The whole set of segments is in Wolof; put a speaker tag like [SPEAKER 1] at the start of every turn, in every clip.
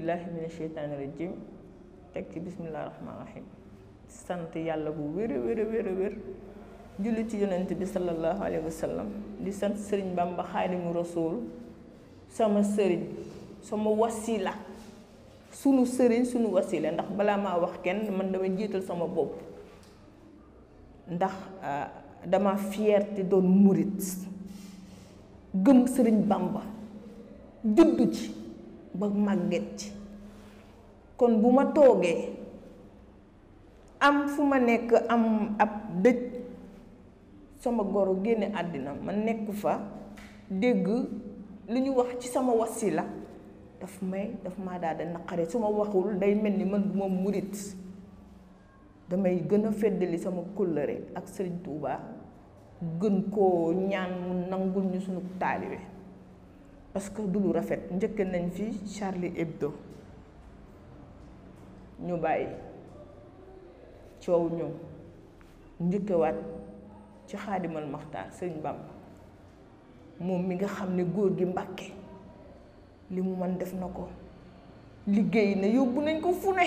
[SPEAKER 1] billahi mina sheytaani rajim teg ci bismillahi rahmaani rahim sant yàlla bu wér a wér a yonent bi sallallahu alayhi wa di sant sëriñ Bamba xaadimu rasul sama sëriñ sama wasila sunu sëriñ sunu wasila ndax balaa maa wax kenn man dama jiital sama bopp ndax ah, dama fierté doon murit gëm sëriñ Bamba juddu ci ba màgget ci kon bu ma toogee am fu ma nekk am ab dëj sama goro génne àddina ma nekk fa dégg li ñu wax ci sama wasila daf may daf ma daal da naqare su ma waxul day mel ni man bu ma murit damay gën a feddali sama kóllëre ak Sëriñ Tuubaa gën koo ñaan mu nangul ñu sunu taalibe parce que du lu rafet njëkk nañ fi Charlie Hebdo ñu bàyyi coow ñëw njëkkewaat ci xaadimal maxtaar sëñ Bamba moom mi nga xam ne góor gi Mbàkke li mu man def na ko liggéey na yóbbu nañ ko fu ne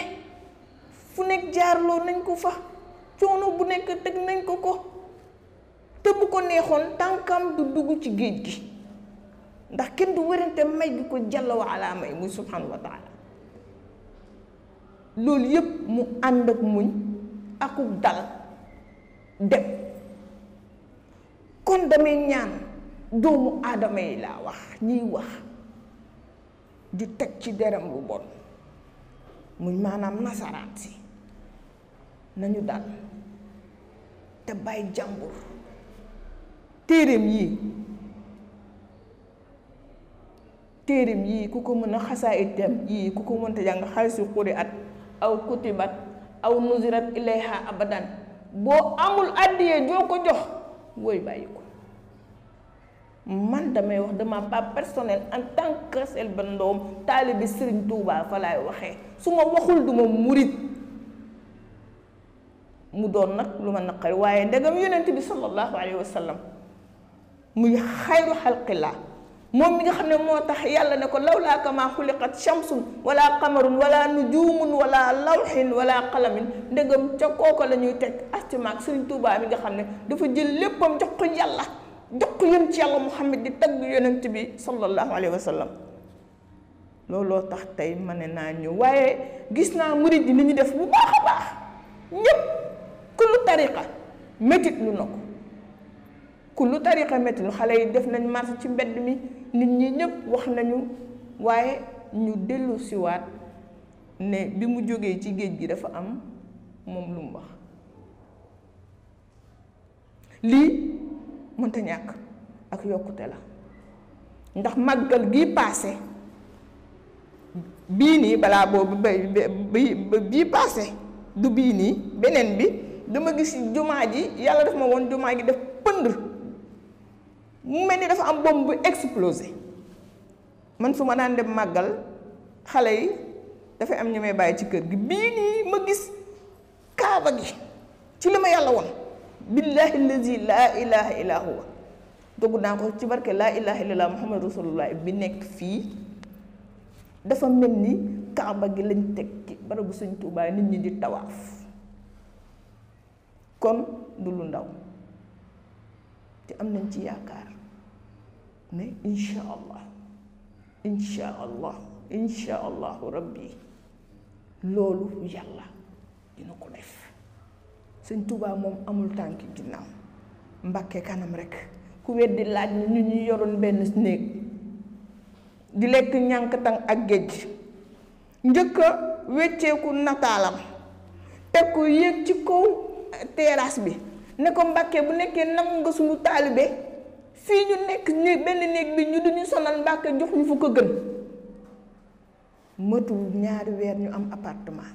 [SPEAKER 1] fu nekk jaarloo nañ ko fa coono bu nekk teg nañ ko ko te bu ko neexoon tànkam du dugg ci géej gi ndax kenn du wérante may gi ko jalla wa ala may muy subhanahu wa loolu yépp mu ànd ak muñ akuk dal dem kon damay ñaan doomu aadama yi laa wax ñiy wax di teg ci deram lu bon muñ maanaam nasaraat si nañu dal te bàyyi jàmbur téereem yi téerim yii ku ko mën a xasaa itam yii ku ko mënta jàng xaysu xuri at aw kutibat aw nuzirat ilayha abadan boo amul àddiyee joo ko jox wooy bàyyi ko man damay wax dama pas personnel en tant que Selbé Ndom taalibi Sëriñ Tuubaa fa laay waxee su ma waxul duma murit mu doon nag lu ma naqari waaye ndegam yonent bi sallallahu alayhi wa sallam muy xayru xalqillah moom mi nga xam ne moo tax yàlla ne ko lawlaa kamaa xuliqat shamsun wala qamarun wala nujumun wala lawxin wala qalamin ndegam ca kooko la ñuy teg astimaak Sëriñ Tuubaa mi nga xam ne dafa jël léppam jox ko yàlla jox ko yëm ci yàlla Muhammad di tagg yonent bi sallallahu alayhi wa looloo tax tey ma ne naa ñëw waaye gis naa murid yi ni ñu def bu baax a baax ñëpp kullu tariqa métit lu na ko kullu tariqa métit lu xale yi def nañ marche ci mbedd mi nit ñi ñëpp wax nañu waaye ñu dellu ne bi mu jógee ci géej gi dafa am moom lu mu wax lii mënta ñàkk ak yokkute la ndax màggal gi paase bii nii balaa boobu ba bii paase du bii nii beneen bi dama gis jumaa ji yàlla daf ma woon jumaa gi def pënd mu mel ni dafa am bomb bu explosé man su ma daan dem màggal xale yi dafay am ñu may bàyyi ci kër gi bii nii ma gis kaaba gi ci li ma yàlla woon billahi lazi laa ilaha illa huwa naa ko ci barke laa ilaha illallah muhammad rasulullah bi nekk fii dafa mel ni kaaba gi lañ teg ci barabu sëñ Tuubaa nit ñi di tawaaf kon du lu ndaw te am nañ ci yaakaar ne insha allah insha allah insha loolu yàlla dina ko def sëñ Tuubaa moom amul tànki ginnaaw mbàkke kanam rekk ku weddi laaj ni ñu ñu yoroon benn néeg di lekk ñànkatang ak géej njëkk wecceeku nataalam teg ko yéeg ci kaw terrasse bi ne ko mbakke bu nekkee nangu nga suñu taalibe fii ñu nekk benn néeg bi ñu duñu sonal mbàkke jox ñu fu ko gën matul ñaari weer ñu am appartement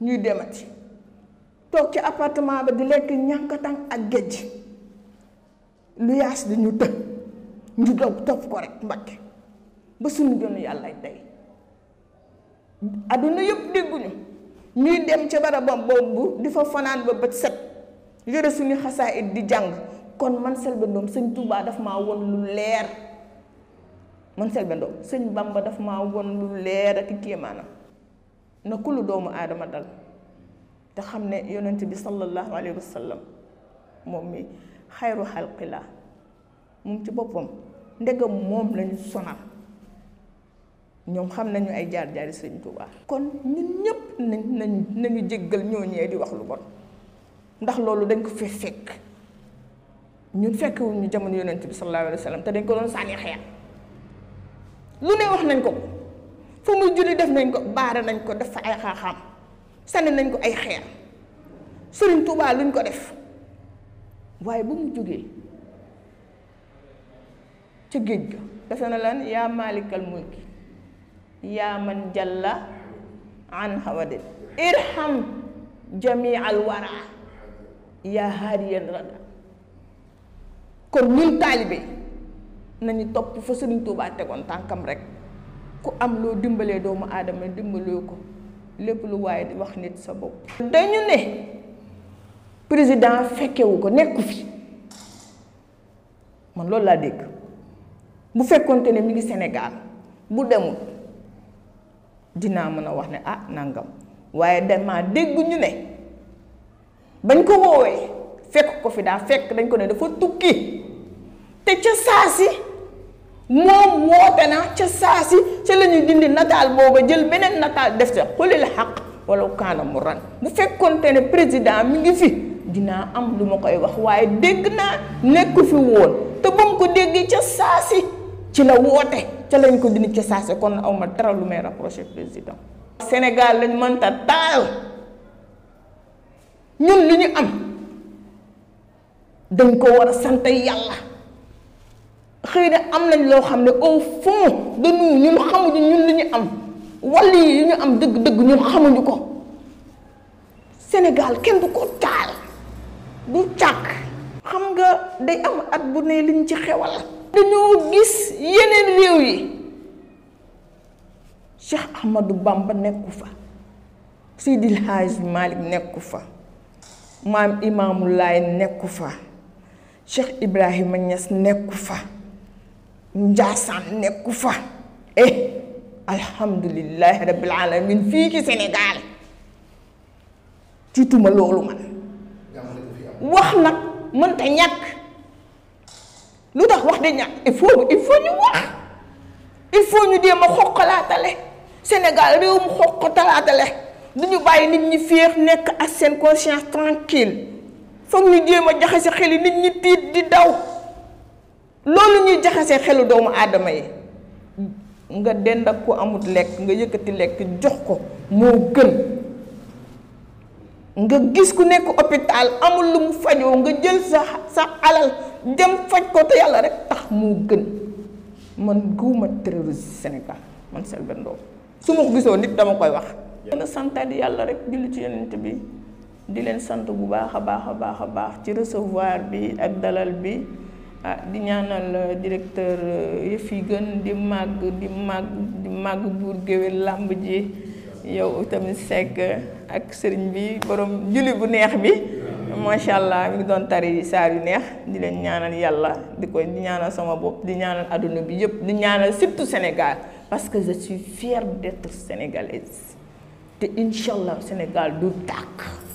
[SPEAKER 1] ñuy demati toog ci appartement ba di lekk ñànkatang ak géej lu yaas di ñu tëj ñu dog topp ko rek mbàkke ba suñu jonu yàlla tey adduna yëpp dégguñu ñuy dem ci barabam boobu di fa fanaan ba bët set yore suñu xasaayit di jàng kon man Selbé Ndom sëñ Touba dafa maa won lu leer man Selbé Ndom sëñ Bamba dafa maa won lu leer ak kéemaanam na kullu doomu aadama dal te xam ne yonent bi sallallahu alayhi wa sallam moom mi xayru xalqi moom ci boppam ndegam moom lañu sonal ñoom xam nañu ay jaar-jaari sëñ Touba kon ñun ñëpp nañ nañu nañu jéggal ñooñee di wax lu bon ndax loolu dañ ko fi fekk ñun fekkewuñu jamono yonent bi sallallahu alayhi wa sallam te dañ ko doon sànni xeer lu ne wax nañ ko fu muy julli def nañ ko baara nañ ko def fa ay xaaxaam sànni nañ ko ay xeex sëriñ Tuubaa luñ ko def waaye bu mu jógee ca géej ga defe na lan yaa maalikal mulki yaa man jalla an hawadin irham jamii al waraa yaa haadiyan rada kon ñun taalibe nañu topp fa Sëriñ Tuubaa tegoon tànkam rek ku am loo dimbalee doomu aadama dimbalee ko lépp lu waaye di wax nit sa bopp dañu ne président fekkewu ko nekku fi man loolu laa dégg bu fekkonte ne mi ngi senegaal bu demul dinaa mën a wax ne ah nangam waaye dama dégg ñu ne bañ ko woowee fekk ko fi daa fekk dañ ko ne dafa tukki te ca saa si moom woote na ca saa si ca la ñuy dindi nataal booba jël beneen nataal def ca xulil xaq wala kaana mu ran bu te ne président mi ngi fi dinaa am lu ma koy wax waaye dégg naa nekku fi woon te ba mu ko déggee ca saa si ci la woote ca lañ ko dindi ca saa si kon aw ma dara lu may rapproché président Sénégal lañ mënta taal ñun li ñu am dañ ko war a sant yàlla xëy na am nañ loo xam ne au fond de ñun xamuñu ñun li ñu am wàll yi ñu am dëgg-dëgg ñun xamuñu ko Sénégal kenn du ko taal du càkk xam nga day am at bu ne liñ ci xewal dañoo gis yeneen réew yi Cheikh Ahmadou Bamba nekku fa Seydil Hadj Malick nekku fa maam Imaamu nekku fa Cheikh Ibrahima Niass nekku fa Njaasaan nekku fa eh alhamdulilahi rabbil alamin fii ci Sénégal tiituma loolu man wax nag mënta ñàkk lu tax wax di ñàkk il faut il faut ñu wax il faut ñu jéem a xoqalaatale Sénégal réew mu xoqalaatale dañu bàyyi nit ñi féex nekk ak seen conscience tranquille foog ñu jéem a jaxase xel yi nit ñi tiit di daw loolu ñuy jaxase xelu doomu aadama yi nga dend ak ko amut lekk nga yëkkati lekk jox ko moo gën nga gis ku nekk hôpital amul lu mu fajoo nga jël sa sa alal dem faj ko te yàlla rek tax moo gën man guuma terroriste Sénégal man Selbé su ma ko gisoo nit dama koy wax nga santaat yàlla rek julli ci yonent bi di leen sant bu baax a baax a baax a baax ci recevoir bi ak dalal bi ah di ñaanal euh, directeur euh, yëf fi gën di màgg di màgg di màgg buur géwél làmb ji yow tamit sekk ak sëriñ bi borom julli bu neex bi macha allah mi ngi doon tari saar yu neex di leen ñaanal yàlla di ko di ñaanal sama bopp di ñaanal àdduna bi yëpp di ñaanal surtout Sénégal parce que je suis fière d'être sénégalaise te incha allah Sénégal du tàkk